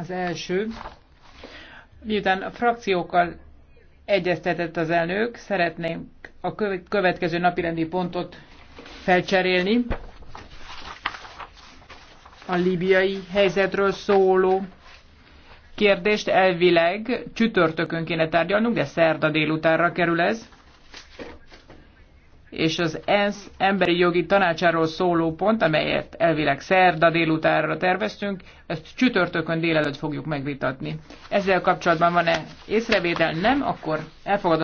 Az első, miután a frakciókkal egyeztetett az elnök, szeretném a következő napirendi pontot felcserélni. A libiai helyzetről szóló kérdést elvileg csütörtökön kéne tárgyalnunk, de szerda délutánra kerül ez és az ENSZ emberi jogi tanácsáról szóló pont, amelyet elvileg szerda délutánra terveztünk, ezt csütörtökön délelőtt fogjuk megvitatni. Ezzel kapcsolatban van-e észrevétel? Nem, akkor elfogadom.